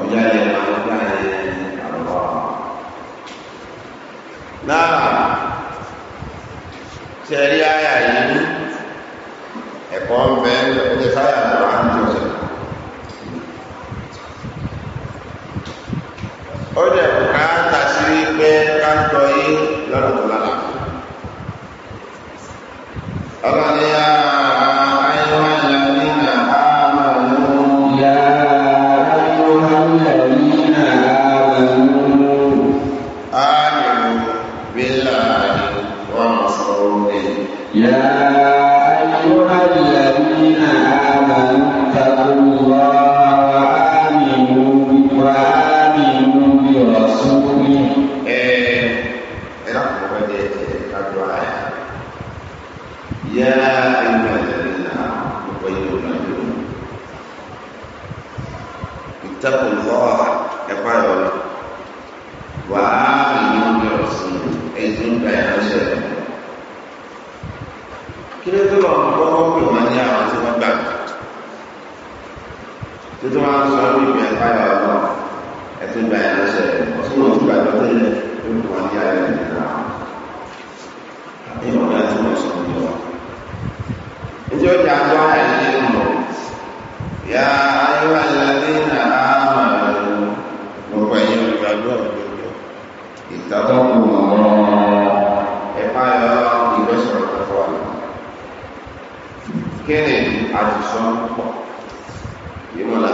ọjàlè ọjàlè àlọ. náà sẹ́rí àyà yìí ẹ̀kọ́ ń bẹ ẹ̀jẹ̀ sáyà lọ àjọ sọ. ó dẹ̀ bùkátà sí wípé káńtọ̀ yìí lọ́dún tó lálàá. ọlọ́ni yára. tó máa ń sọ ní ìgbà ìpáyà ọ̀nà ẹ̀tún gba ẹ̀ lọ́sẹ̀ ọ̀tún náà gba ìgbà tẹ́lẹ̀ tó kù wọn ní ayé nìyà nínú ọ̀gá tí wọ́n sọ ní ọ. Ìjọ ìjà tó ayé nínú mọ̀ yá ayé wà lẹ́lẹ́ nà á mà gbogbo ẹ̀yẹ ìgbàgbọ́ ìgbàgbọ́ ìtàkùn ọ̀rọ̀ ẹ̀páyà ìgbẹ́sọ̀rọ̀ kọ̀ọ̀kan. Kí ni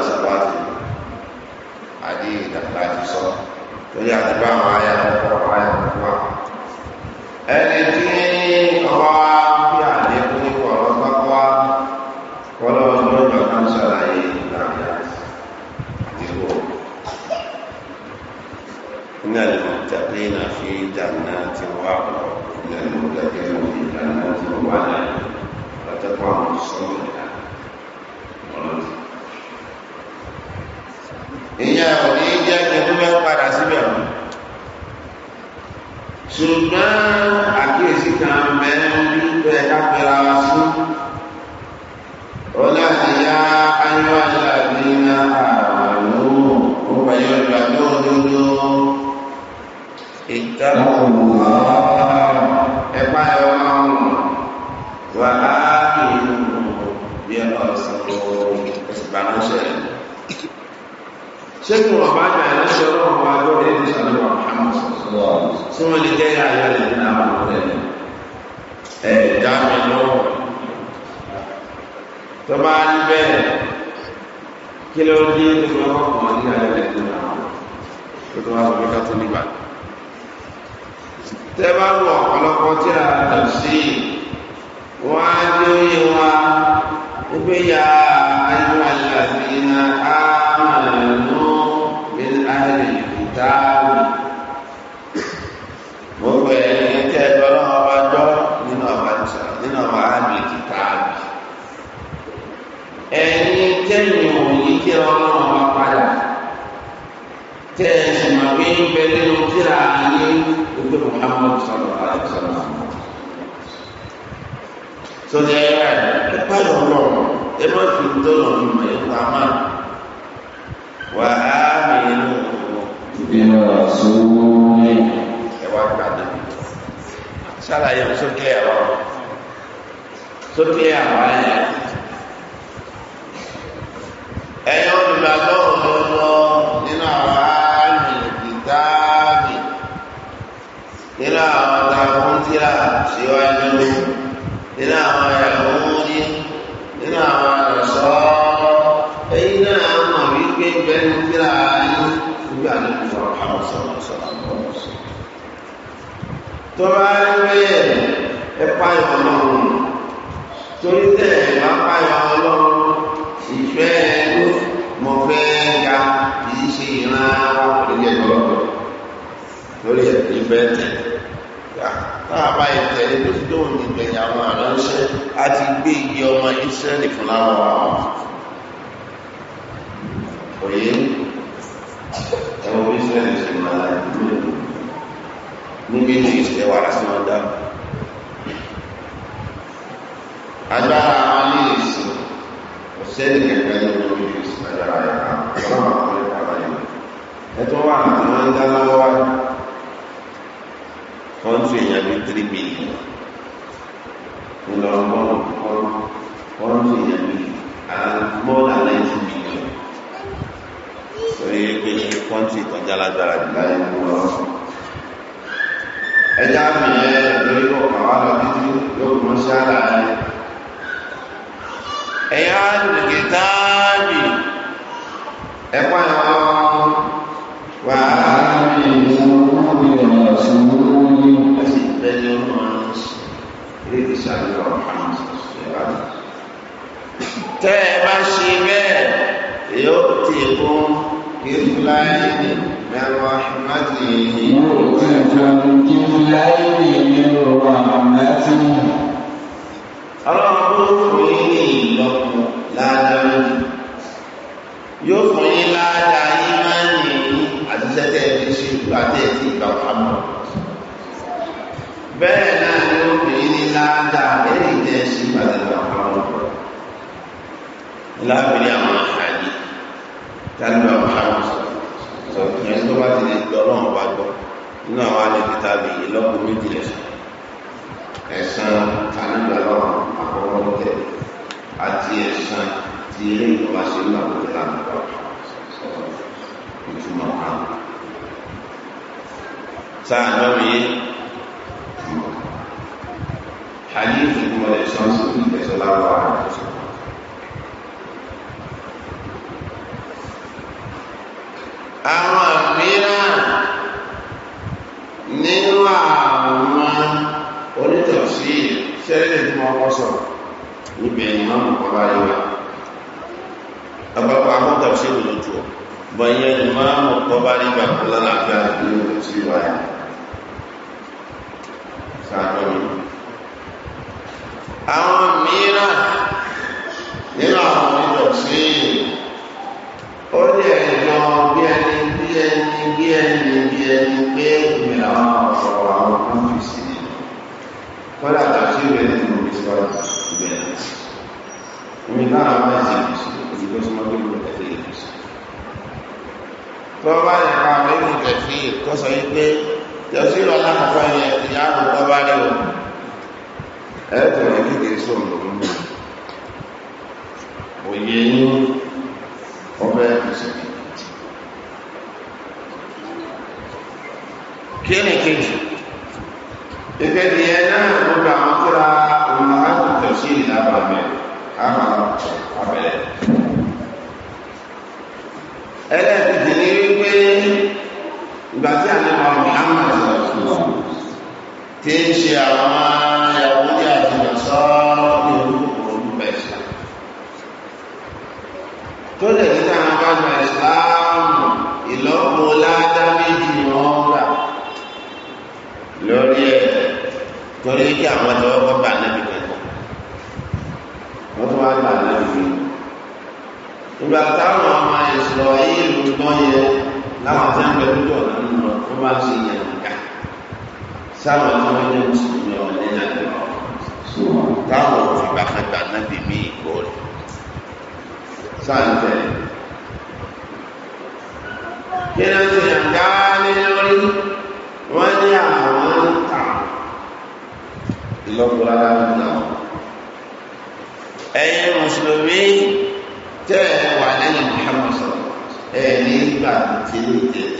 sàpáàtì àdé ìdàgbà ti sọ torí àti bá àwọn ثم لكي لا أيها الذين آمنوا تعملوا طبعا البيت كيلو دين تقوم بمعنى أيها الذين آمنوا تقوم بكتن بعد تبعوا ọ̀pọ̀lọpọ̀ tí a tà sí wọ́n á jẹ́ orí wa wípé ya ayé àlàfíà àmàlú min ahli kitabi tíra ọlọ́run ọba padà tẹ́ ẹ sì mọ̀ pé ń bẹ nínú tíra ayé gbogbo Muhammad sọ̀rọ̀ àdìsọ̀rọ̀ sọdẹ ẹ ẹ pààyàn ọlọ́run ẹ má fi ń tọ́lọ̀ fi mọ̀ ẹ pa má wà á mi nínú ìbímọ sóòrè ẹ wá padà sálàyé sókè àwọn sókè àwọn ayé ẹ̀yin olùgbàgbọ́ òdodo nínú àwọn àmìlìkìtààmì nínú àwọn takùntìrà síwájú nínú àwọn ẹ̀hónì nínú àwọn ẹ̀sọ́ ẹ̀yin náà mọ̀ wípé bẹ́ẹ̀ ní tíra yín nígbà tó ń mo fẹ́ ya kì í ṣe ìran orílẹ̀ ìjọlọ́gbọ̀n lórí ìfẹ́ tẹ̀ náà bá ìtẹ̀ nínú tó ń gbẹ̀yìn àwọn àránṣẹ́ àti gbé igi ọmọ Ísírẹ́lì fún láwọn àwọn òye ẹ̀wọ̀n Ísírẹ́lì ṣe máa dúró níbi tí ìṣẹ̀wà sí wọn dá agbára àwọn ilé ìsìn ọ̀sẹ́ nìkan kan lọ́wọ́ Yesu ayára yàrá ọlọ́run àwọn ẹ̀ka àlàyé ẹ̀tọ́ wà àti wọ́n ń dá lọ́wọ́ wa wọ́n tún èèyàn bíi tírí bílíọ̀n ńlọrọ̀ bọ́ọ̀lù kọ́rọ́ wọ́n tún èèyàn bíi bọ́ọ̀lù aláìsí bílíọ̀n lórí pé kọ́ńtì ìtọ́jà lágbára jù láyé ń wọ́n ẹja fìyẹn lórí ọ̀pọ̀ àwọn àlọ́ títí yóò mọ̀ ṣáà láàyè ẹ̀yà àdùnkè táà ẹ̀kọ́ àwọn wà á rí tẹ́ ẹ bá ṣe bẹ́ẹ̀ yóò ti kún kíláìnì mẹ́rọ àmàtì yóò ti kún kíláìnì mẹ́rọ àmàtì. ọlọ́run tó ní ìlọ́kùn ládàá yóò fún yín ládàá yín máa ń yìn àti sẹ́tẹ̀ ẹ̀dí sí ìgbà tí ẹ̀ ti gbà wá mọ̀. bẹ́ẹ̀ náà ni ó fún yín ní ládàá lẹ́yìn tẹ́ sí ìgbà tí ẹ̀ àwọn àyè tálíbà Muhammad sọ ìyẹn tó bá ti lè gbọ́ ọlọ́run gbọ́ nínú àwọn alẹ́kìtà lè yé lọ́kùn méjì lẹ́sìn ẹ̀sán tálíbà lọ́rùn àkọ́kọ́ tẹ̀ àti ẹ̀sán tí eléyìí tó bá ṣe ń làwọn ìlànà ìtumọ̀ kan. sáà lọ́ mi hadith ìtumọ̀ lè sọ sí ìgbésẹ̀ láwọn àwọn àti àwọn mìíràn nínú àwọn onítọ̀sí ṣẹlẹ̀ tí wọ́n kọ́ sọ̀rọ̀ níbi ẹ̀yìn máa ń kọ́ báyìí wá àpapọ̀ àwọn tàbí lójú ọ bọ̀nyẹ ni máa mọ̀ tọ́ bá rí gbà kó lálàáfíà nínú tí wà yà sáájọ́ mi. àwọn mìíràn nínú àwọn ìjọ sí ó lè ẹ̀yọ bí ẹni bí ẹni bí ẹni bí ẹni pé ìrìn àwọn ọ̀sọ̀rọ̀ àwọn kan fi sí kọ́lá tàbí ìrìn nínú ìsọ̀rọ̀ ìgbẹ̀rẹ̀ ìrìn náà máa mọ́tò ìlú kẹfì tó bá yẹ ká àwọn ìlú kẹfì tó sọ yí pé tẹ̀sí lọ lákòókò yẹn ìyá àkókò bá rí wọn ẹ̀ tó yẹ sọ̀rọ̀ lọ́wọ́ òye yín ọbẹ̀ ìṣẹ̀lẹ̀ kí ni kejì ìkejì yẹn náà gbogbo àwọn kóra sáwọn tí wọ́n jẹ́ mùsùlùmí ọmọ nílẹ̀ táwọn òfìgbàkàgbà náà bì mí ìgbò rẹ̀ sáǹtẹ̀ kí ló ti yàn dá lé lórí wọ́n ní àwọn ń tà ìlọ́pọ̀ náà ẹ̀yin mùsùlùmí tẹ́ ẹ wà lẹ́yìn Muhammad sọ̀rọ̀ ní ìgbà tí ó tẹ̀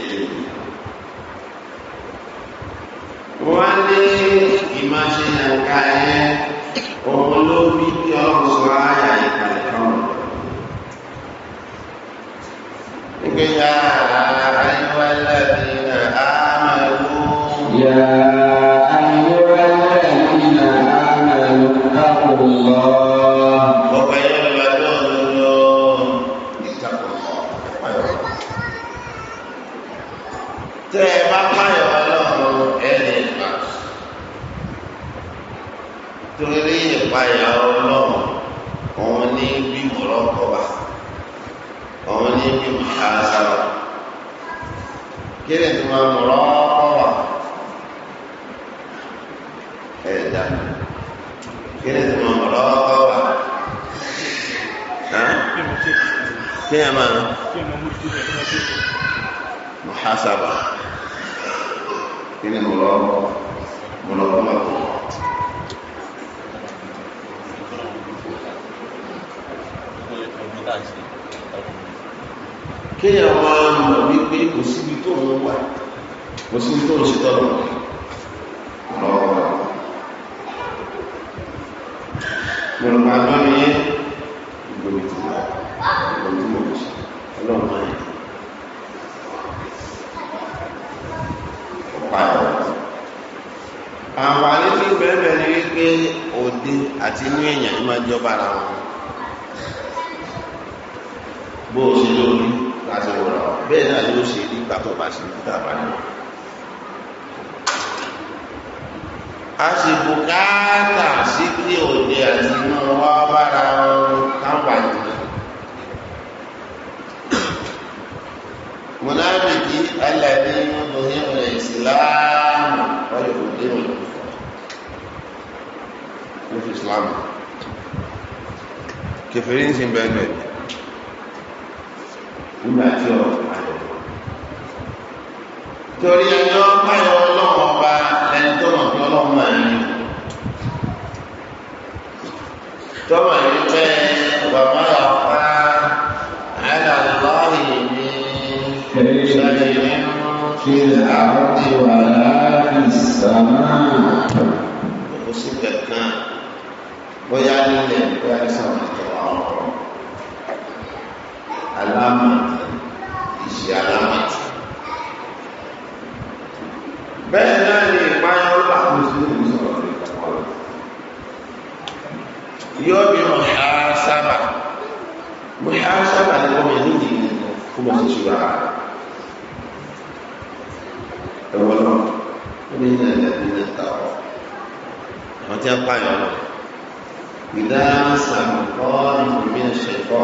wọ́n á ní ìmọ̀ṣẹ́ nàìjíríà yẹn òun ló bí kí sọ ayà ìkàlẹ̀ kan. nígbẹ̀yà bó o ṣe lórí láti wòrà ọ bẹ́ẹ̀ náà yóò ṣe nígbà tó bá ṣe nígbà bá ní. a sì bùkátà sí kí òde àti inú wa bára táwọn àjùmọ̀. mọ̀nàbìkì alàdé lóyún rẹ̀ ìsìláàmù wáyé òde òde ló fi sin bẹ́ẹ̀ nígbà tí ọ̀rọ̀ kan lọ. torí ẹjọ́ báyọ̀ ọlọ́run ọba ẹni tó mọ̀ pé ọlọ́run máa ń lò. tọ́mọ̀ yìí pẹ́ ọba máa pa àyàlá lọ́ọ̀rì ní ìṣẹ̀lẹ̀ nínú kí àwọn ti wà láàrin ìsàmà. ó sì bẹ̀ bóyá nílẹ̀ bóyá ní alama ìṣe alama bẹ́ẹ̀ náà ni ìpáyà ó bá kó sí ìlú sọ̀rọ̀ ní ìpàkọ́lù yóò bí wọn ha sábà mo ha sábà ní wọn ní ìdí kó mọ̀ sí ṣúra ẹ̀wọ̀n náà ó ní ìlànà ìlànà ìtàwọ̀ àwọn tí wọ́n pààyàn náà ìdá sàmùkọ́ ìgbìmí ẹ̀ṣẹ̀kọ́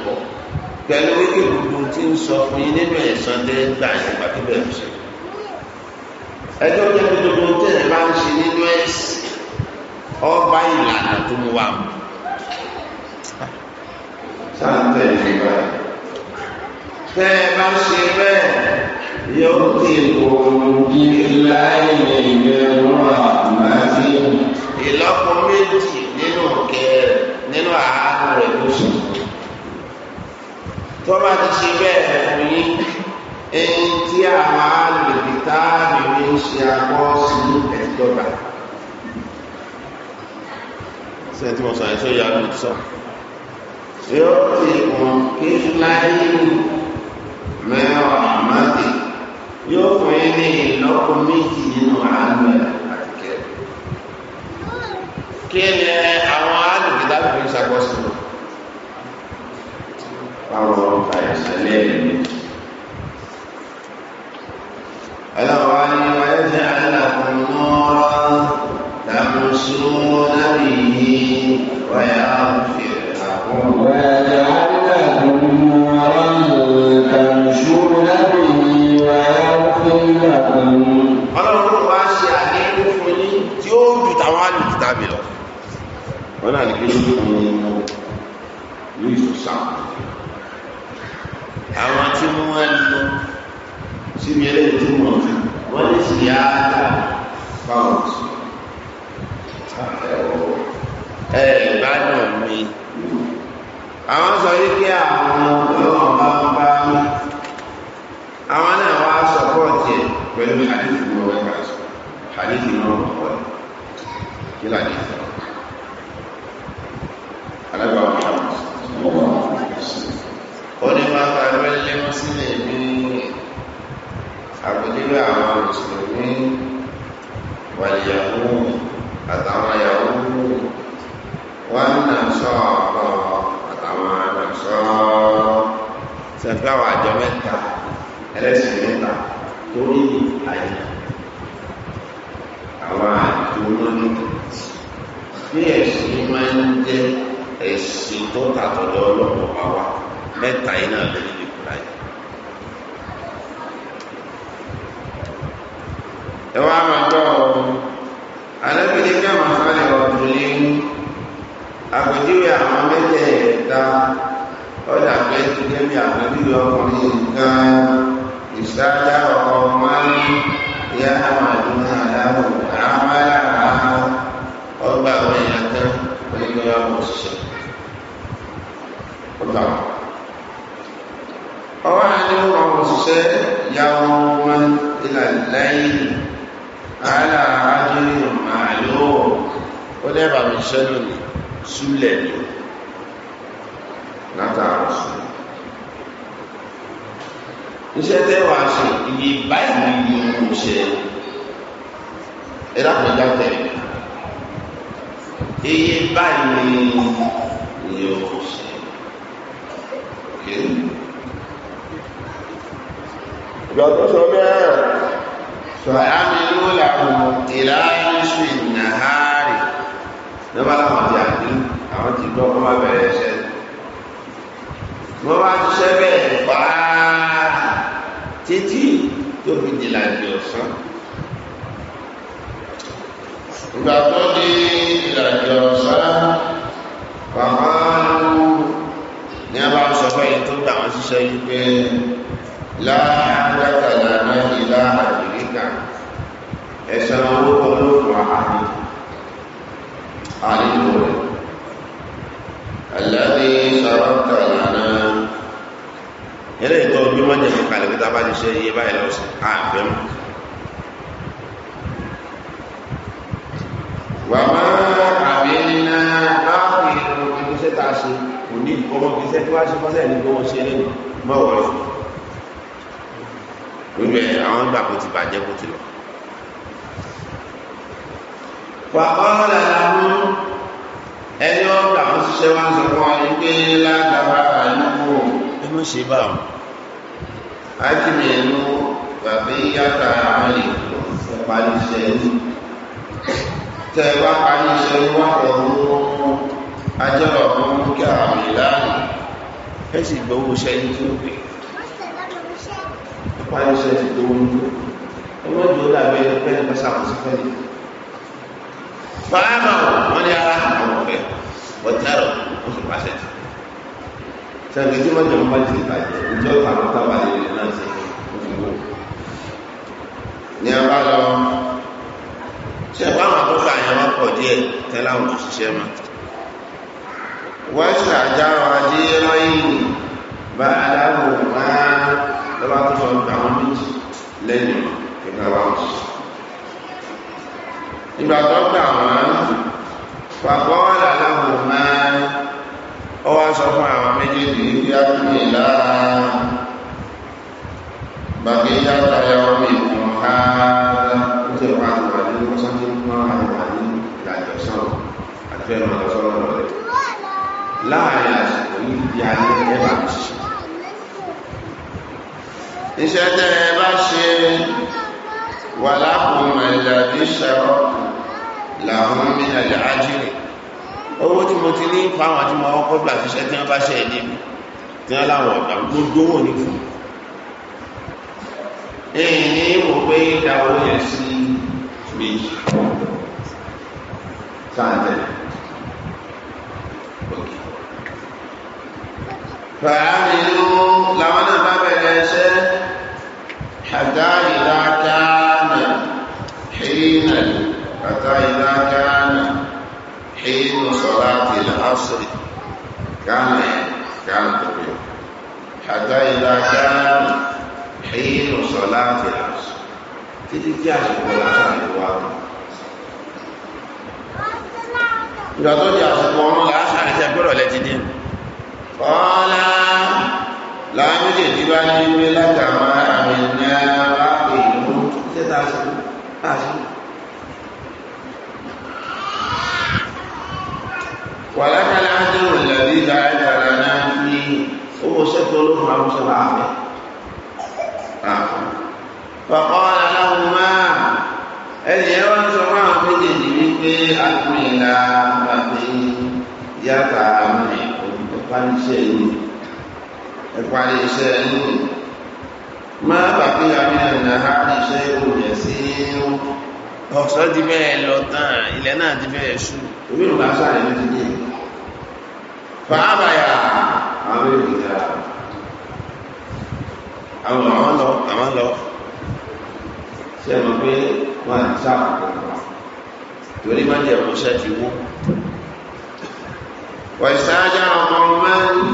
pẹ̀lú wíkì gbogbo tí ń sọ fún yín nínú ẹ̀sán dé gbà yín pàtó bẹ̀rẹ̀ sí. ẹjọ́ tó ti gbogbo tẹ̀ ẹ̀ bá ń ṣe nínú ẹ̀sìn ọba ìlànà tó mú wa mú. sáńtẹ̀ ìjọba tẹ́ ẹ bá ṣe bẹ́ẹ̀ yóò ti gbòòrò ìlà ilẹ̀ ìgbẹ́rún àmàlí. ìlọ́po méjì nínú kẹ nínú àárẹ̀ lóṣù tó bá ti ṣe bẹ́ẹ̀ fún yín ẹni tí àwọn alèbí táàbì ń ṣe akọ́ sí ní ẹ̀dọ́gba. ṣé tí mo sàn ẹ̀ṣọ́ ìyá mi sọ. yóò ti kàn kí láyé mẹ́wàá àmàdé yóò fún yín ní ìlọ́po méjì nínú àánú ẹ̀ àti kẹ́ẹ̀. kí ni àwọn alèbí táàbì ń kárọ̀ àyàsẹ́ lẹ́ẹ̀mí. ọlọ́wọ́ ni wọ́n yẹ́ alákùn mọ́ra tàbùsùn lábìyí wọ́yà wọ́n náà ní kí ló dé ziyada pound ẹ gbádùn mi àwọn sọ wípé àwọn. láwọn àjọ mẹ́ta ẹlẹ́sìn mẹ́ta tó ní àyè àwọn àjò lónìí bí ẹ̀sìn máa ń jẹ́ ẹ̀sìn tó tàtọ̀dọ̀ ọlọ́pọ̀ bá wà mẹ́ta yìí náà lórí ìkúra yìí. ẹ wá máa gbọ́ ọ alẹ́ mi ní kí àwọn afárá gẹ́gẹ́ bí àwọn ìlú ọkùnrin nǹkan ìsájá ọkọ̀ máa ń yá àwọn àdúrà aláwọ̀ àmàlà ọgbà àwọn èèyàn tán pẹ̀lú ọmọ òṣìṣẹ́ ọgbà ọwọ́ àti ọmọ òṣìṣẹ́ yàwó wọn ìlànà lẹ́yìn aláàájúrin màálù ó lẹ́bàá mi ṣẹ́ lónìí súlẹ̀ ni látàrí súlẹ̀ iṣẹ́ tẹ́ wàá ṣe iye báyìí ni mo ṣe ẹ̀rọ àpẹjà tẹ̀ iye báyìí ni mo ṣe ìgbà tó sọ bẹ́ẹ̀ fàámi ló làwọn ìlànà ṣe nàárì lọ́ba làwọn ti àdé àwọn ti gbọ́ kó bẹ̀rẹ̀ ṣẹ́ wọ́n bá ṣiṣẹ́ bẹ́ẹ̀ pàá títí tó fi di làjì ọ̀sán ìgbà tó di làjì ọ̀sán bàbá lù ní a bá ń sọ fẹ́ tó gbà wọn ṣiṣẹ́ yìí pé láàárọ̀tàlá náà ìlà àmẹ́ríkà ẹ̀sán owó olóògùn àmì àlejò rẹ̀ àlàdé sọ̀rọ̀tàlá náà bí wọ́n jẹ́ mú kalẹ̀ pé tábà ti ṣe iye báyìí lọ́sùn àfẹ́ mú. wàmá àbíyá báwọn ìlú ìgbésẹ̀ tá a ṣe kò ní ọmọ ìgbésẹ̀ tó wá ṣe fọ́sẹ̀ ní bí wọ́n ṣe lẹ́nu mọ́wọ́ rẹ̀ lórí ẹ̀ àwọn gbà kó ti bàjẹ́ kó ti lọ. wàhálà làwọn ẹni ọgbà wọn ṣiṣẹ́ wá ń sọ fún wa ní pé ládàbà àyùkú. ẹ má ṣe báwọn ájìmẹ̀lú bàbí yàtà àmàlì ìpàdìṣẹ̀lú tẹ wá pàdìṣẹ̀lú wà ọ̀rún ajọ́rọ̀ fún kí àmì láàrín ẹ̀ sì gbowó sẹ́yìn tí ó pè pàdìṣẹ̀ ti gbowó ní ọwọ́ jù ó dàbí ẹni pẹ́ ní pẹ́sàkóso fẹ́ ni wọn ni ara àwọn ọ̀fẹ́ wọ́n tẹ́rọ ó sì pàṣẹ tì sẹ́ni tí wọ́n jẹ́ ń bá ti bàjẹ́ ìjọ tàbí tábà lè náà sí ìwò ní abá lọ ṣe báwọn àtúntà yẹn wọ́n pọ̀ díẹ̀ tẹ́láwọn òṣìṣẹ́ mọ́ wọ́n ṣe àjárọ̀ ajé lọ́yìn bá aláwọ̀ máa lọ́wọ́ tó sọ àwọn méjì lẹ́yìn kíkà wá òṣìṣẹ́ ìgbà tó gbà wọ́n pàpọ̀ جل يومكم هذا وتر بعد بعدين وصلتم ما بعدين بعد يوصلوا أتفهم ما وصلوا عليه لا يا سيدي يعني إيه بعد iṣẹ́ tẹ́ ẹ bá ṣe wà láàrùn ẹ̀lẹ́dí ṣẹ̀rọ làwọn mìírànlẹ̀ ajírí owó tí mo ti ní fáwọn àti mọ́ ọkọ̀ gbà fi tí wọ́n bá ṣe ẹ̀dí tí wọ́n láwọn ọ̀gbà gbogbo wọn ní fún pé ìdáwó yẹn sí méjì sáàtẹ̀ òkè. fàámi ló làwọn náà bá bẹ̀rẹ̀ iṣẹ́ ṣàdá ìdákáànà hìnà ṣàdá ìdákáànà hìnà sọ̀rọ̀ àti ìlàásùrì كان كان طويل حتى إذا كان حين صلاة títí tí àsìkò làásàrì wá kan ìgbà tó di àsìkò ọ̀run làásàrì tẹ gbọ́dọ̀ lẹ́ti dé ọ̀la làwọn méjèèjì bá ní wí látàmà àmì náà bá pè mú títà àsìkò àsìkò. ولك العدل الذي جعلت لنا فيه هو شكله ما شرع به فقال àkúnyìnlá máa pé yàtà àwọn ìparí iṣẹ́ ìlú ìparí iṣẹ́ ìlú máa bàbá yàrá ìrìnà àárín iṣẹ́ ìlú rẹ̀ sí inú ọ̀sán ti bẹ́ẹ̀ lọ tán ilẹ̀ náà ti bẹ́ẹ̀ ṣú orí ìlú aṣọ àrẹ ló ti dé fàábàyà àwọn ènìyàn àwọn àwọn lọ àwọn lọ ṣe pé wọ́n á sáà kọ̀ọ̀kan torí má jẹ́ ìránṣẹ́ ti wó wàìsáájá ọmọ mẹ́rin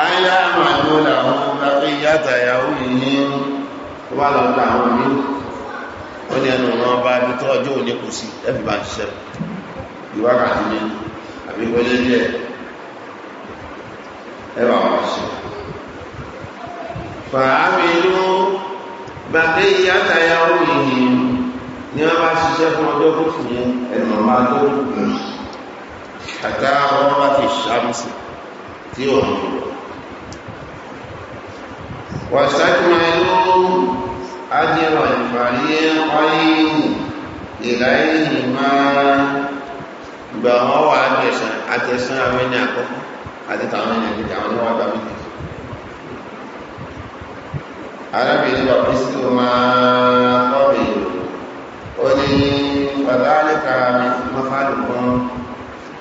ayé àmà ìlú làwọn afẹ́ yàtà ìyàwó yìí tó bá lọ́dọ̀ àwọn mí ó ní ẹnu ọ̀nà ọba ibi tó ọjọ́ òní kù sí ẹ̀fì bá ń ṣiṣẹ́ ìwákàtí ní àbí wọlé díẹ̀ ẹwà wá ṣe fàámi ló bàbá ìyàtà yìí ní wọ́n bá ṣiṣẹ́ fún ọjọ́ tó fún yẹn ẹ̀nà máa tó gùn kàtà wọ́n bá ti ṣàmùsì tí ò ń lò wọ́n ṣàkíwáyé ajẹ́wà ìfàlẹ́ wáyé ìdáyé ìmá gbà wọ́n wà àtẹ̀sán àtẹ̀sán àwọn ẹni àti tàwọn ẹni àkọ́kọ́ àwọn ọmọ àgbà méjì arábìnrin bàbá sí máa pé fàdáríkà mọ́fàlù kan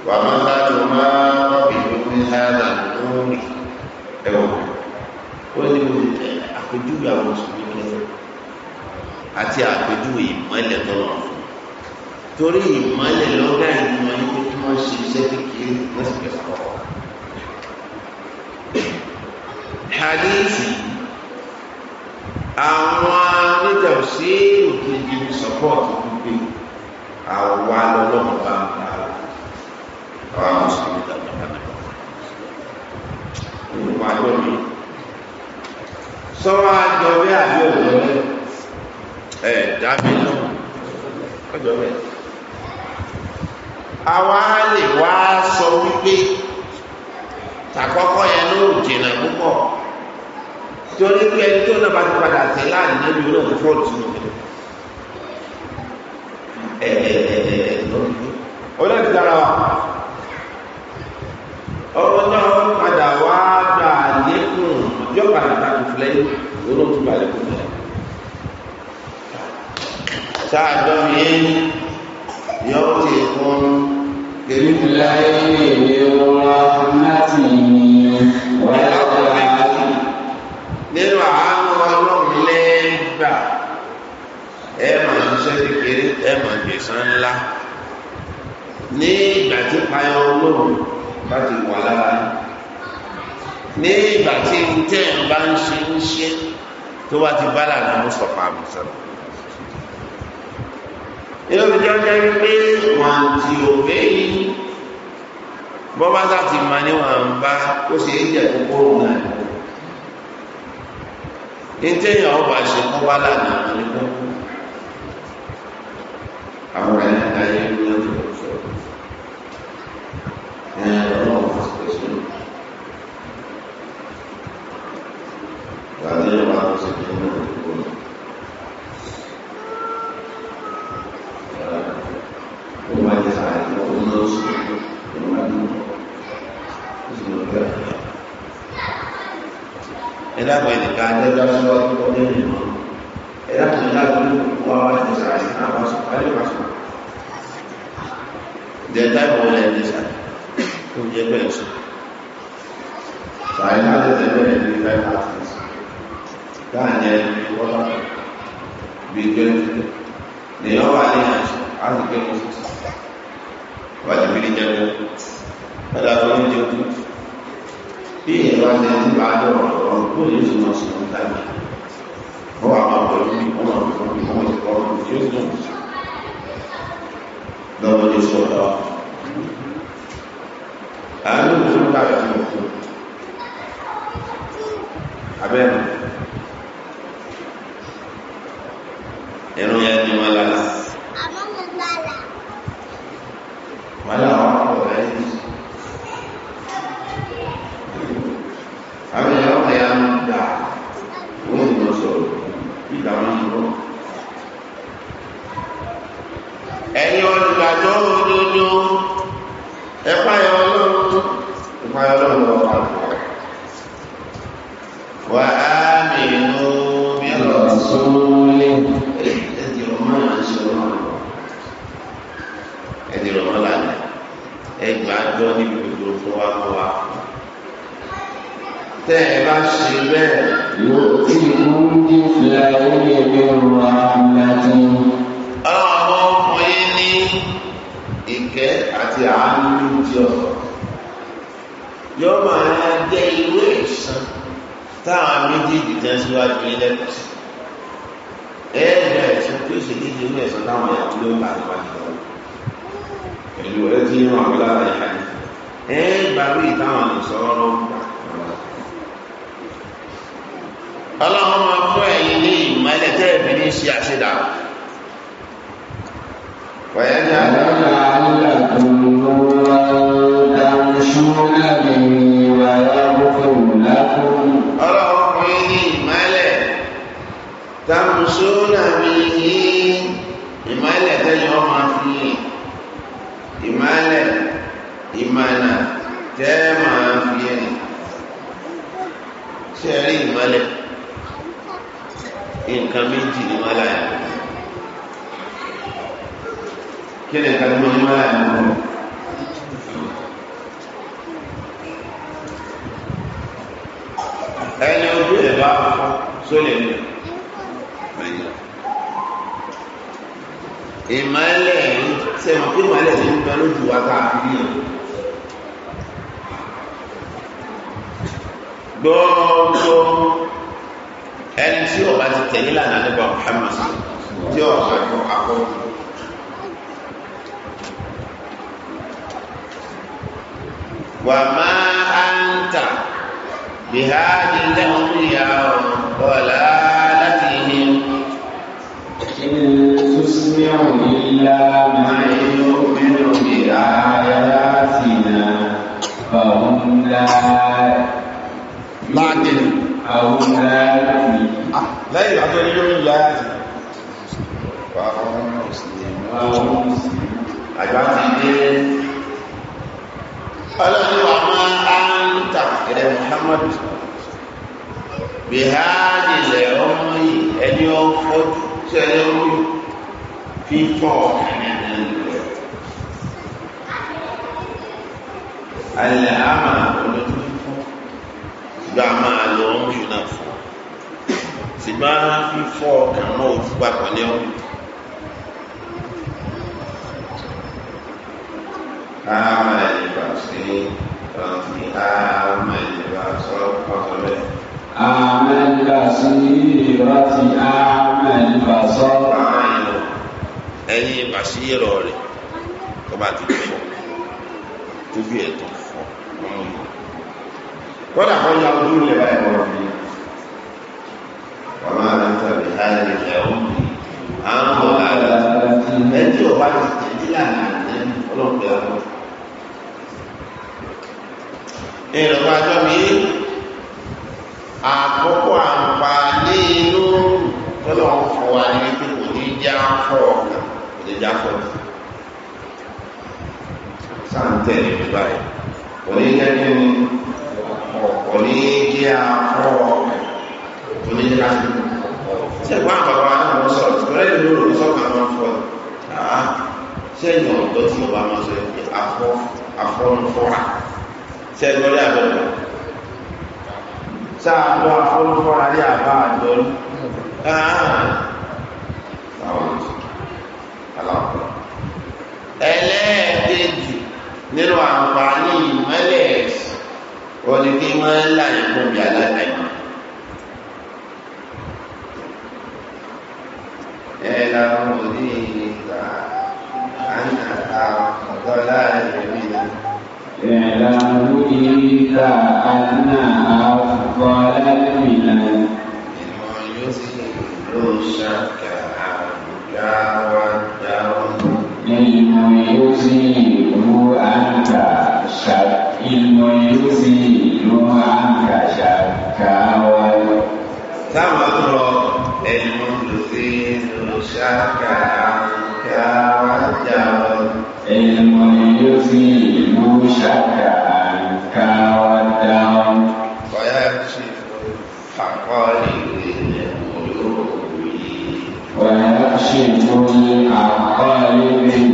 wà mọ́fàlù máa rọ́bì lórí hádà lórí ẹ̀wọ̀n ó ní àpèjúwe àwọn mùsùlùmí kẹsàn àti àpèjúwe ìmọ̀lẹ̀ tọ́lọ̀ fún torí ìmọ̀lẹ̀ lọ́gà ìmọ̀ ní pé kí wọ́n ṣe iṣẹ́ kékeré lọ́sibẹ̀sẹ̀ kọ́ hadithi àwọn onítẹ̀wọ̀sí òkèjì sọ́pọ̀tù àwa lọ́lọ́mọ bá ń bá àwọn mùsùlùmí tàbí àpàtàkì olùkọ́ àjọ mi sọ̀rọ̀ àjọ bí àbí òwúrọ̀ ẹ̀ dábì náà ọjọ́ bẹ́ẹ̀ àwa lè wá sọ wípé tàkọ́kọ́ yẹn ló jìnnà púpọ̀ torí pé ẹni tó náà bá ti padà tẹ̀ láàrin níbi olóòtú fọ́ọ̀tù ẹ̀ẹ̀ẹ̀ẹ̀ẹ̀ lórí ó láti dára wa ọmọ náà padà wá gbà lékún yóò padà ta kò filẹ̀ lórí òtún balẹ̀ kò filẹ̀ sáàjọ́ mi yóò ti fún kèmí láyé ìwé wọn láti wọ́n ẹ̀san ńlá ní ìgbà tí payọ ọlọ́run bá ti wà lára ní ìgbà tí ń tẹ́ ń bá ń ṣe ń ṣe tó bá ti bá lànà mùsọ̀fà mùsọ̀rọ̀ inú mi jẹ́ jẹ́ pé wọ́n ti òfé yìí bọ́ bá ti mà ní wọ́n bá ó ṣe é jẹ́ kókó náà ní tẹ́yìn ọba ṣe kọ́ bá lànà ní kókó. àwọn ẹ̀rẹ́ ayé ń lọ ní ọ̀sọ̀ ẹ̀ ọlọ́run kò sí ìgbàdé wa ló ti di inú ìdìbò ó máa jẹ àìsàn ó lọ sí ìlú máa dùn ó sì lọ bẹ́ẹ̀. ẹ dábàá ẹnìkan ajẹ́jọ́ sọ́ọ́ tó lẹ́yìn náà. era comunidade muito boa de Israel, na nossa área máxima. Detalhe o olhar de Israel, um dia penso. Sai nada de ver ele vai fazer isso. Ganha o outro, bigel, nenhum aliás, acho que eu wàjú bí níjẹ mú ẹ̀dá tó ń jẹun bí ìwádìí ti bá dọ̀rọ̀ ọ̀rọ̀ kó lè sùn lọ sùn ní táyà lè sọ̀rọ̀ àwọn olùsọ̀rọ̀ ṣe àṣedà wọ̀nyẹ́jà ọlọ́run ní ìmálẹ̀ tàmùsùn àmì ìmálẹ̀ tẹ́yìn ọmọ fi ìmálẹ̀ ìmánà tẹ́ máa fi ẹ̀yìn ṣe rí ìmálẹ̀ nǹkan méjì ní mọ́láyà kí ni nǹkan méjì ní mọ́láyà ẹni ojú ẹ̀ bá sólè ní ìmọ̀lẹ̀ sẹ́wọ̀n kí ìmọ̀lẹ̀ ti ń bẹ lójú wa káàkiri yẹn gbọ́ngbọ́n ẹni tí ó bá ti tẹ̀lé lànà nípa Muhammad tí ó bá kọ akọ. wà má a ń tà bí a ti lẹ́wọ̀n ìyá ọ̀la láti ní. تسمع إلا من يؤمن بآياتنا فهم أو لا نؤمن لا يبعثون يؤمن لازم وهو مسلم وهو مسلم أجعل ọlọ́run wà máa ń tàkìrẹ muhammadu bí ha nílẹ̀ ọmọ yìí ẹni ọkọ̀ tí ẹni ọmọ fífọ́ àmà ṣùgbọ́n máa lọ ọmú yìí náà fún un ṣùgbọ́n fífọ́ ọkàn náà ò papọ̀ ní ọ̀hún. ama ìbá sí ọ̀sìn ama ìbá sọ ọ̀sọ̀ bẹ́ẹ̀. ama ìbá sí ìbá sí ama ìbá sọ. ẹyin ìbá sí ìrọ̀ rẹ̀ tó bá tó bí ẹ̀ tó fọ́ ọmọ yìí kọ́dà kọ́ ya ojú lè bá ẹ̀kọ́ fi wàmà àlàntà lè ha lè lè ọ̀hún àwọn àlà ẹ̀dí ọ̀bá ti tẹ̀lé lànà ọlọ́pẹ̀ ọ̀hún. ìrọ̀bà àjọ mi àkọ́kọ́ àǹfààní inú tọ́lọ̀ ń fọ wa ní kò ní já fọ́ kò ní já fọ́ sáà ń tẹ̀lé báyìí kò ní jẹ́ kí ni ọ̀pọ̀ kò ní jẹ́ àárọ̀ kò ní jẹ́ láti ṣe ìwà àbàbà náà wọ́n sọ̀rọ̀ tí wọ́n lè lóòrò sọ́kà máa fọ́ àá ṣé ìyàn ọ̀dọ́ tí ọba máa sọ pé afọ́ afọ́nufọ́ra ṣe é lọ́lẹ́ àbẹ̀wò sáà lọ afọ́nufọ́ra ní àbá àjọlú ẹlẹ́ẹ̀kejì nínú àǹfààní ìmọ́lẹ̀ wọ́n ní kí máa ń là yín fún mi aláìláì mọ́. ẹ làwọn òní ìgbà àná àkọ́lá ẹ̀mí náà. اعلموا إذا أن أفضل الملل المعيز الشك عنك والدم المعيز أنت شك ìmọ̀lẹ́sì ló máa ń kàṣà káwá. táwọn àtúrọ̀ ẹ̀mọ́ ló fi lọ ṣáàkà káwá jà lọ. ìmọ̀lẹ́sì ló ṣáàkà káwá jà lọ. wáyà ṣe àkọọ́lẹ̀ ìrìnlẹ̀ olóògbé. wáyà ṣe ìtòlẹ̀ àkọọ́lẹ̀ ìrìnlẹ̀.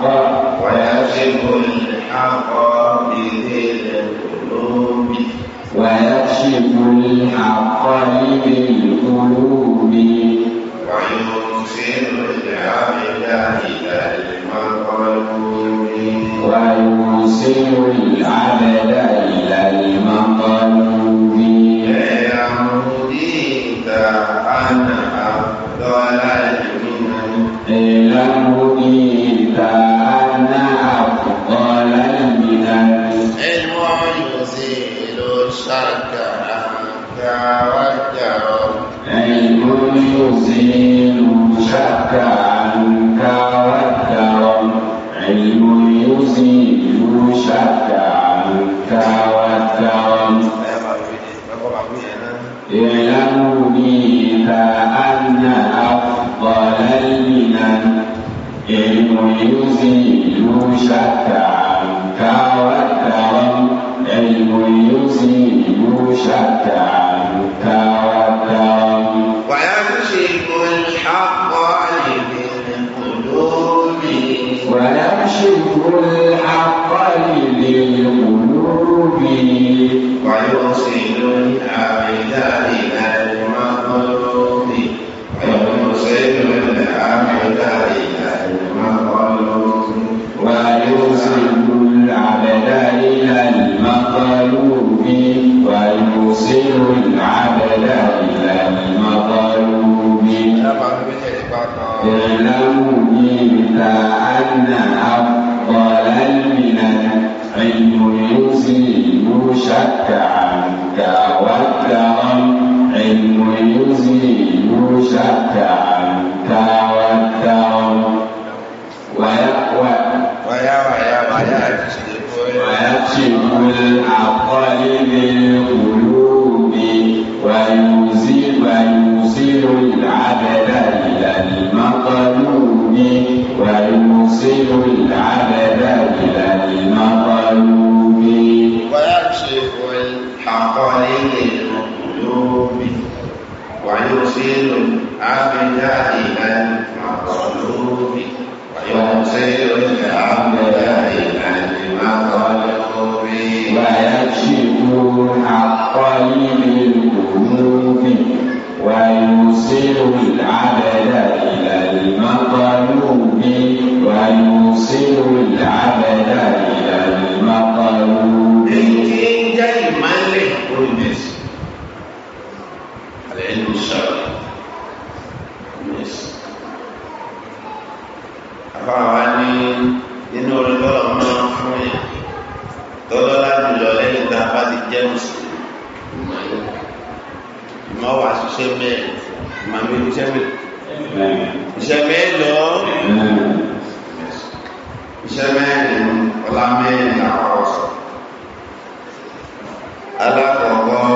الحق ويكشف الحق بذي القلوب ويكشف الحق بذي القلوب ويرسل العبد إلى المطلوب ويرسل العبد iṣẹ́ mẹ́rin ọlá mẹ́rin àwọn ọ̀sọ̀ alákọ̀ọ́kọ́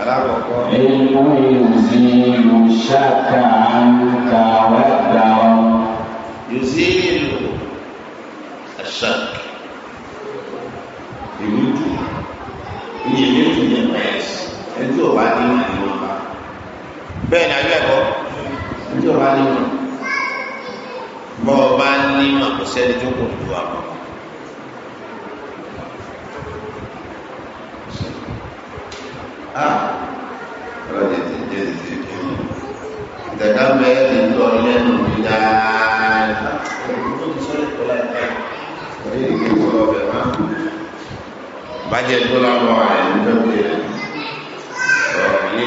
alákọ̀ọ́kọ́ inú ìrùsí ìlú ṣáàkà àǹkà wẹ́gbà sẹ́ni tó kò ju àwọn. Ah, ọ̀rọ̀ tètè jẹ́ tètè kí ni ìtẹ̀ká bẹ́ẹ̀ ti tọ́ lẹ́nu mi dáadáa. Oye ìgbé ìwọlọ ọbẹ̀ máa kú. Bájẹ́ tó láwọn ààrẹ ní bẹ́ẹ̀ rẹ̀. Ọ̀rọ̀ mi ní.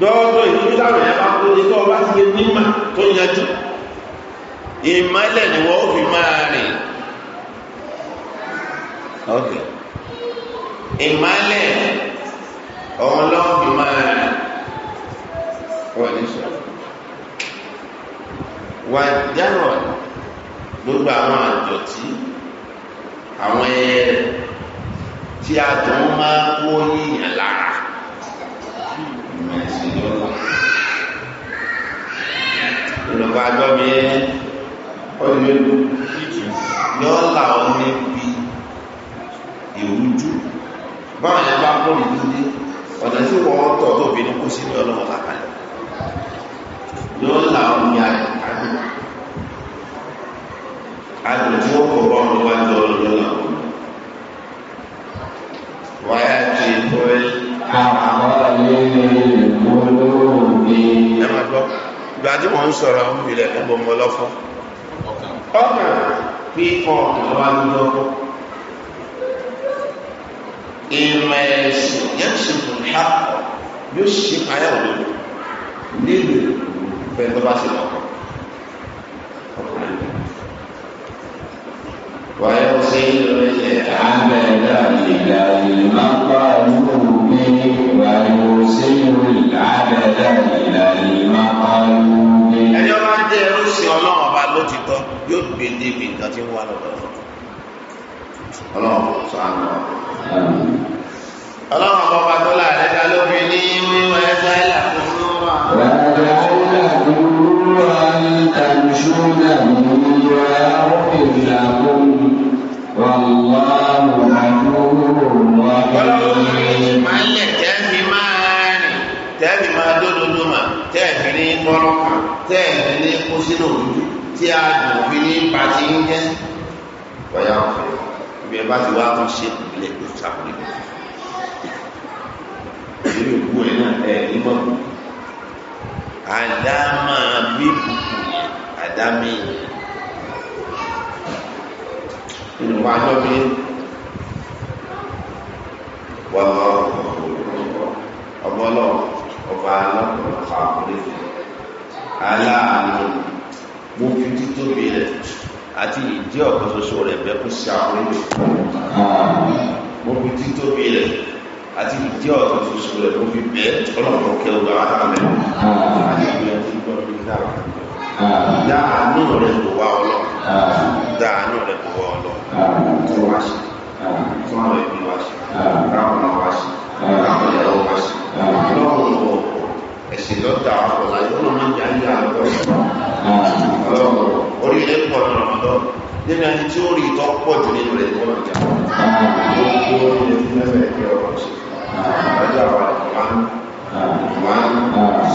Dọ́ọ̀dọ̀ ìtúbí láwọn ẹ̀ bá kú ní tọ́ bá ti yé nímà tó yanjú. ìmọ́lẹ̀ ni wọ́n fi máa rìn ọ̀kẹ́ ìmọ́lẹ̀ ọ̀hún lọ́wọ́ fi máa rìn wọ́n ní sọ wà dáhùn gbogbo àwọn àjọtí àwọn ẹyẹ tí a dùn máa ń wó yíyàn lára ìmọ̀ ẹ̀sìn lọ́wọ́ olùkọ́ àjọ mi yẹn ọdún mélòó yọ làwọn níbi ìrújú báwọn yẹn bá pọ̀ nínú ní ọ̀nà tí wọ́n tọ̀ tó bínú kó sí ní ọlọ́wọ́ làkàlẹ̀ yọ làwọn ní àyàkájú àdùnkú ọ̀pọ̀ ọ̀rọ̀ wá jọ ọ̀rọ̀ làwọn wáyà ti tó ẹ àwọn ilé ìwúlò mi. ẹ máa gbọ́ ìgbà tí wọ́n ń sọ̀rọ̀ àwọn ìlẹ̀ ẹ̀bùn ọmọ ọlọ́fọ́ ọkàn bí kọ̀ọ̀kan wá lọ ìmọ̀ ẹ̀sìn yẹn sì kù ní àpọ̀ yóò ṣe ayé òdodo nílùú bẹ́ẹ̀ tó bá ṣe lọ́kọ̀ wáyé ọ̀sẹ̀ yìí lọ ẹ̀jẹ̀ àmì ẹ̀dá ìgbà ìlú máa ń wáyé ọ̀sẹ̀ yìí lọ àmì ẹ̀dá ìgbà ìlú máa ń yóò gbé débi nǹkan tí ń wá lọ́dọ̀ ọlọ́run sọ àná ọlọ́run ọba tó láàrin ká ló fi ní wíwọ ẹgbẹ́ ìlàkóso wà. Tẹ́ẹ̀mì máa dódódó mà, tẹ́ẹ̀mì ní kọ́rọ́ kan, tẹ́ẹ̀mì ní kó sínú òdúdú tí a dùn fi ní pàtí ń jẹ́ ọ̀yà ọ̀fẹ́ ibi ẹ̀ bá ti wá tún ṣe ìpìlẹ̀ tó sàkúrẹ́ ìdílé òkú ẹ̀ náà ẹ̀ nímọ̀ àdámà bíbùkù àdámì nínú wa lọ́ wà lọ́wọ́ ọmọ náà ọba alákọ̀ọ́ àkúrẹ́ aláàánú mo fi títóbi rẹ̀ àti ìdí ọ̀kan ṣoṣo rẹ̀ bẹ́ẹ̀ kó sí àwọn ìlú mo fi títóbi rẹ̀ àti ìdí ọ̀kan ṣoṣo rẹ̀ mo fi bẹ́ẹ̀ ọlọ́run kẹ́ ọgbà àtàlẹ́ àti ìgbẹ́ tí gbọ́ mi dáa dáàánú rẹ̀ kò wá ọlọ́run dáàánú rẹ̀ kò wá ọlọ́run tó wá ṣe tó àwọn ẹbí wá ṣe káwọn ọmọ wá ṣe káwọn ìyàwó wá ṣe lọ́rùn ọ̀pọ̀ ẹ̀sìn lọ́dà ọ̀pọ̀ láyé wọn máa ń jà ní àlọ́ ọlọ́run orílẹ̀ pọ̀ ní ọ̀dọ́ nínú ẹni tí ó rí ìtọ́ pọ̀ jù nínú rẹ̀ wọ́n jà gbogbo ilẹ̀ tí lẹ́fẹ̀ ẹ̀kẹ́ ọ̀rọ̀ sí ọjọ́ àwọn ẹ̀kọ́ máa ń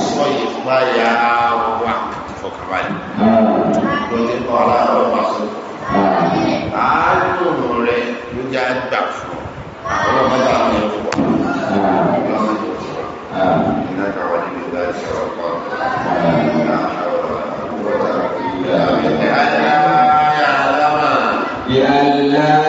sọ ìfúnpáyà wa ìfọ̀kàbalẹ̀ lọ́dẹ kọ́ aláàrọ̀ bá sọ àánú rẹ̀ ló já gbà fún ọ àwọn ọmọdé àwọn ẹ̀kọ́ إنك ولي ذلك والقادر لا حول ولا قوة إلا بالله لئلا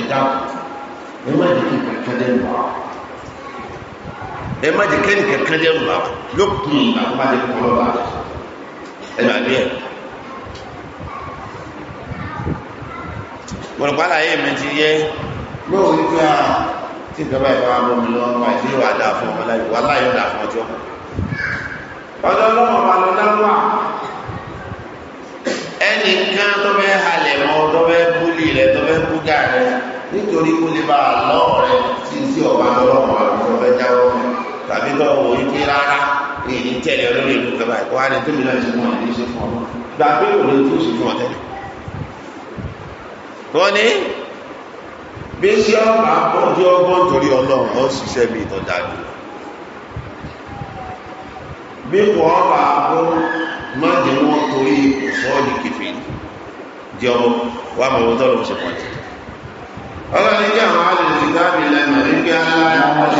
ẹ̀dá ẹ má jẹ́ kí kankan dẹ́nu bá wa ẹ má jẹ́ kẹ́ni kankan dẹ́nu bá wa lókun ìgbà tó bá jẹ́ kó lọ́ bá ẹ bá bí ẹ. wọ́n gbá láyé mi ti yẹ lóò rí pé a ah, tí ìjọba ìfọwọ́ bọ́ mi lọ́wọ́ bá ìdílé wa dáa fún ọmọ wà láyé ó dáa fún ọjọ́ ọjọ́ lọ́wọ́ bá lọ dáwọ́ ẹnìkan tó fẹ́ halẹ̀ mọ́ tó fẹ́ búlì rẹ tó fẹ́ búgà rẹ nítorí kó lè bá àlọ́ rẹ tí tí ọba lọ́wọ́ àwọn tó fẹ́ jáwọ́ tàbí tó wò ó pé rárá èyí tẹ̀lé olórí ìlú kaba ẹ̀kọ́ wa ni tóbi náà ṣe fún ọ ní ṣe fún ọ gba pé kò lè tó ṣe fún ọ tẹ́lẹ̀. wọ́n ní bí sí ọba ọjọ́ ọgbọ́n torí ọlọ́run ó ṣiṣẹ́ bí ìtọ́jà jù bí wọ́n bá bó má jẹ́ wọ́n torí sọ́ọ̀lì kìfì jẹ́ ọmọ wà mọ̀ wọ́n tọ́lọ̀ ṣe pàtì ọlọ́ni jẹ́ àwọn alẹ́lẹ́ ti dábì lẹ́nu nígbà aláàbò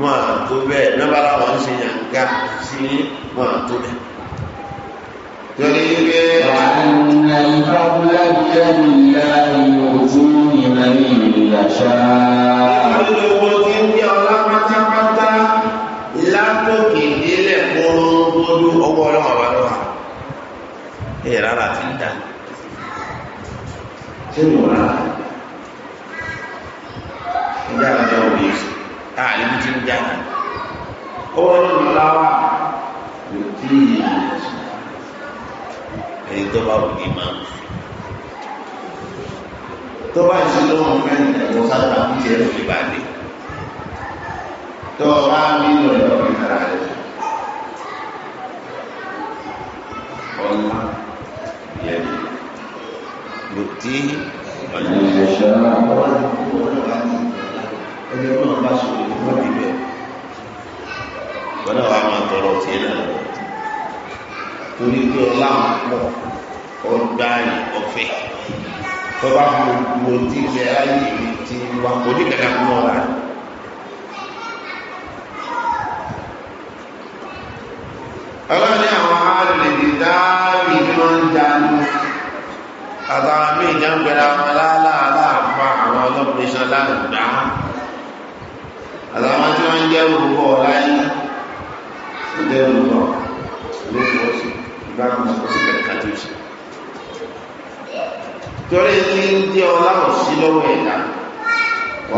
wọn àtó bẹ́ẹ̀ nábàlá wọn ṣe yàn ká sí wọn àtó bẹ́ẹ̀ وأن الفضل بيد الله يؤتيه من يشاء ọwọ́ ọlọ́run àwa lọ́wọ́ ẹ̀ rárá ti ń dá ṣé mo rà á ìjà ìyẹn itu tó imam. wù ní máa tó bá ti lóhùn lebih banyak. sábà ń jẹ́ òní bàdé tó o bá nínú ẹ̀rọ ìtara rẹ̀ ọ̀nà yẹn lò tí torí pé ọlá pọ̀ ọgbà ọ̀fẹ́ tọ́ba gbogbo tí ilẹ̀ ayé ti wà kò ní kẹ̀kẹ́ fún ọ̀la. àwọn alèdè dáàbì tí wọ́n ń dánú àtàwọn míì jẹ́ ń àwọn aláàlá àpá àwọn ọlọ́pẹ̀ṣọ́ láàgbá àtàwọn tí wọ́n ń jẹ́ òwúrọ̀ láyé ń jẹ́ òwúrọ̀ lóṣooṣù gbádùn ọ̀sẹ̀ kẹ̀kẹ́ kájú sí. torí kí ń dé ọ láwọn sí lọ́wọ́ ẹ̀dá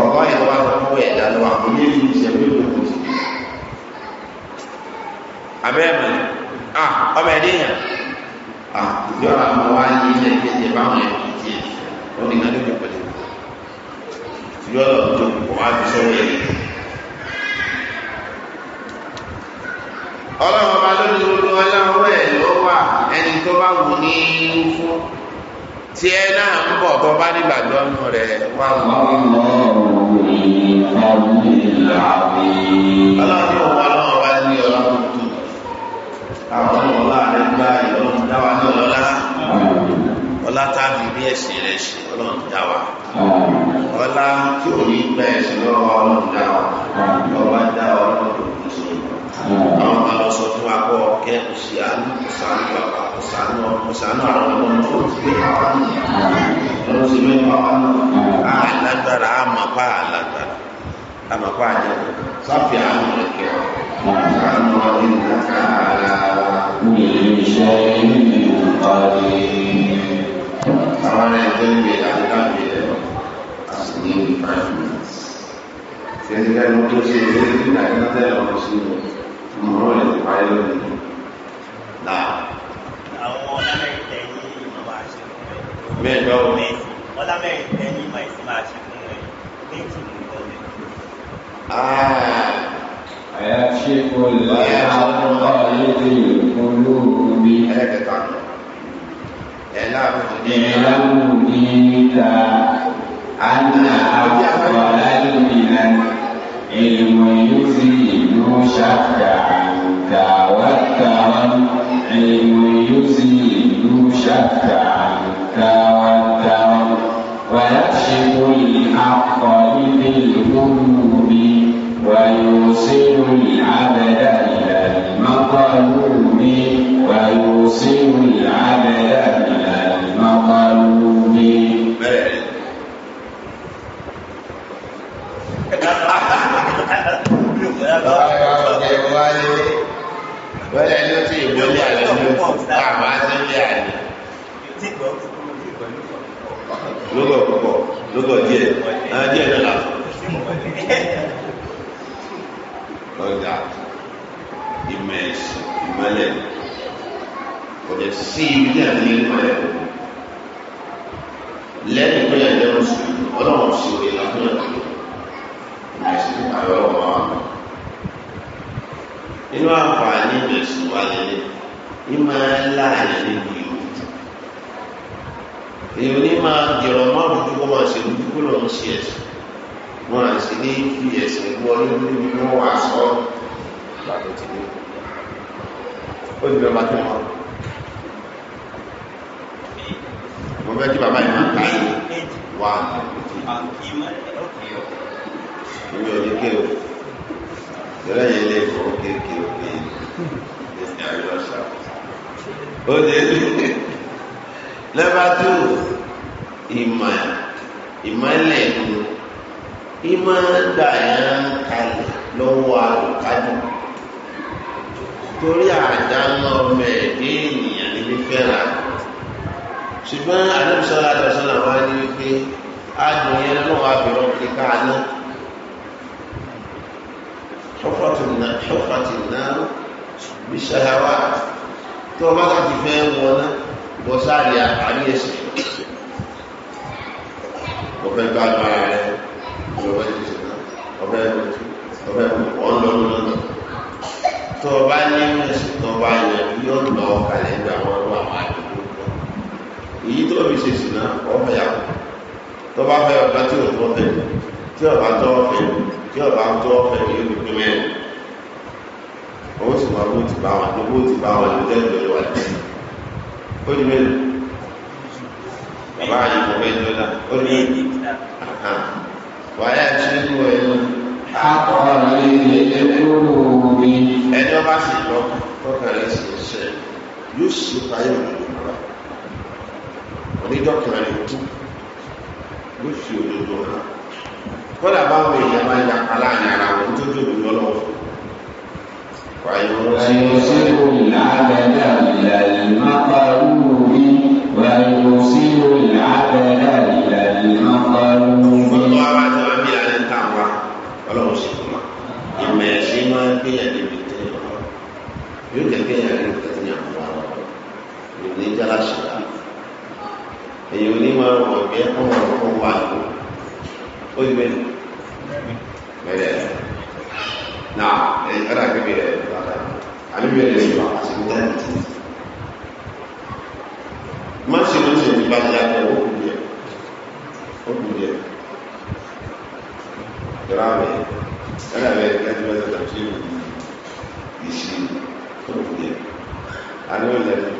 ọ̀gá ìjọba lọ́wọ́ ẹ̀dá lọ́wọ́ àwọn ilé ìlú ìṣẹ̀lẹ̀ ìlú kò sí. abẹ́ẹ̀mọ̀ ah ọmọ ẹ̀dín yẹn ah ìjọba àwọn wa ní ilé ìgbésẹ̀ báwọn ẹ̀ kìí ó ní kánú ìjọba ìjọba tó kọ̀ wá fi sọ́wọ́ ẹ̀ ọlọ́run ọba lórí gbogbo ọlọ́run ẹ̀ tó bá wù ní irú fún tí ẹ náà ń bọ̀ tó bá nígbà lọ́nu rẹ̀ wá wù. ọlọ́run yóò wá lọ́wọ́ wá ní ọlọ́run tó àwọn ọlọ́lá rẹ̀ gba ìlọ́run dáwà ní ọlọ́lá ọlá tábì bí ẹ̀sìn rẹ̀ ṣe ọlọ́run dáwà ọlá tí ò ní gbẹ ẹ̀sìn lọ́wọ́ ọlọ́run dáwà ọba dáwà ọlọ́run tó sọ àwọn kan lọ sọ fún wa kọ kẹ kò sí àánú kò sàánú bàbá kò sàánú ọmọ kò sàánú àwọn ọmọ náà ó ti gbé àwọn àánú ọmọ sì gbé àwọn àánú àlágbára àmàpá àlágbára àmàpá àjẹ sáfì àánú rẹ kẹ àánú ọdún ìdáka ara mi ìṣe ìlú ọdún àwọn ẹgbẹ́ mi àdúgbò mi àti ní ìfàyè mi. Jadi kan untuk sini, ini tidak ada yang harus dilakukan ìmọ̀ràn rẹ̀ ti parí lónìí. àwọn ọlámẹ́rin tẹ ní ìmọ̀ máa ṣe fún علم يزيل شك عنك ويكشف الحق في القلوب ويوصل العبد إلى المطلوب ويوصل العبد إلى lọ́wọ́ ọ̀jẹ̀ wáyé bẹ́ẹ̀ ló ti ìwé ní àlẹ́ ló àmọ́ àti ní àlẹ́. lógò púpọ̀ lógò díẹ̀ náà díẹ̀ náà là ọ̀gá ìmọ̀ ẹ̀sìn ìmọ̀lẹ̀ ọ̀jẹ̀ sí ibi tí a ní ìmọ̀lẹ̀ kò lẹ́yìn tó yẹ lẹ́rù sí ọlọ́run sí òye lọ́dún ẹ̀kọ́ ìmọ̀ ẹ̀sìn àwọn ọmọ àwọn inú àǹfààní ìbẹ̀sùn wa lélẹ̀ ní máa ń láàyè níbi ìlú èyí ní máa jẹ̀rọ máa bójú kó máa ṣe bójú kó lọ́n ṣe ẹ̀sìn wọn à sì ní fi ẹ̀sìn gbọ́ nínú níbi wọn wà sọ ìgbàgbọ́ ti ní ó ní bẹ́ẹ̀ bá tó wọn. mo fẹ́ kí bàbá yìí máa ká yìí wà ní ìlú. ìyọ̀ ní kéwòn lọ́rọ̀ yìí lè fọ́ kéèké òkè ẹ̀sìn àlọ́ṣà ó lè lè lẹ́bàá tó ìmọ̀ ìmọ̀lẹ̀ nù ìmọ̀ gbà yẹn kalẹ̀ lọ́wọ́ àlùkádùn torí àdáná ọmọ ẹ̀dẹ́ ènìyàn ní fífẹ́ra ṣùgbọ́n àdébísọ́lá àdébísọ́lá wa ní wípé adùn yẹn lọ́wọ́ àbẹ̀rọ̀ kíkà náà ṣọ́fàtì náà bí ṣahawa tó o bá láti fẹ́ wọn náà bọ́ sáàrí àárí ẹ̀sìn ọ̀fẹ́ gbá agbára rẹ̀ ọ̀fẹ́ ìdíje náà ọ̀fẹ́ ọ̀fẹ́ ọ̀nlọ́lọ́lọ́ tó o bá ní ẹ̀sìn tó o bá yẹ yóò lọ kalẹ̀ gba àwọn ọlọ́ àwọn àdúgbò èyí tó o fi ṣe sí náà ọ̀fẹ́ yàgò tó o bá fẹ́ ọ̀gá tí o tó fẹ́ tí ọba tó ọ̀fẹ́ tí ọba tó ọ̀fẹ́ yóò fi pín mẹ́rin owó sì máa bó ti bá wọn owó ti bá wọn ló tẹ́lẹ̀ lọ́wọ́ wà lẹ́yìn ó ní mẹ́rin bàbá yìí kò mẹ́rin lọ́dà ó ní wàhálà tí ó ń wọ ẹnu. akọ̀rọ̀ mi ni ẹgbẹ́ òwúrọ̀ ẹni ọba sì lọ kọ́kàn rẹ̀ sì ṣe yóò ṣe fàyè òdòdó rẹ̀ onídọ́kùnrin tó ló fi òdodo hàn kódà báwọn èèyàn máa ń ya aláàánú ara wọn tó dòdò lọ́lọ́wọ́ fún ويصيب العبد إلى المطلوب ويصيب العبد إلى المطلوب gbogbo ara tí wọn bí ara ń tà wá Ọlọ́run sì fún wa ìmọ̀ ẹ̀sìn máa ń gbé yàrá ibi tẹ ọ yóò jẹ yàrá ibi tẹ ní àwọn ọmọ rẹ jálásì máa rọ̀ ọ̀gbẹ́ kọ́ máa rọ̀ ọ̀gbẹ́ wà lọ. ó di mélòó mẹ́lẹ̀ na ẹ̀yìn kára kébì rẹ̀ bàtà àlébìyẹ lè yọ àsìkò dáná tì. má ṣe ló ṣe ní báyìí àgbẹ̀ ó kù díẹ̀ ó kù díẹ̀ yọrọ àwẹ̀ kára àwẹ̀ kájú bá ṣe tàbí ṣe ìṣe ó kù díẹ̀ àlébìyẹ lè yọ.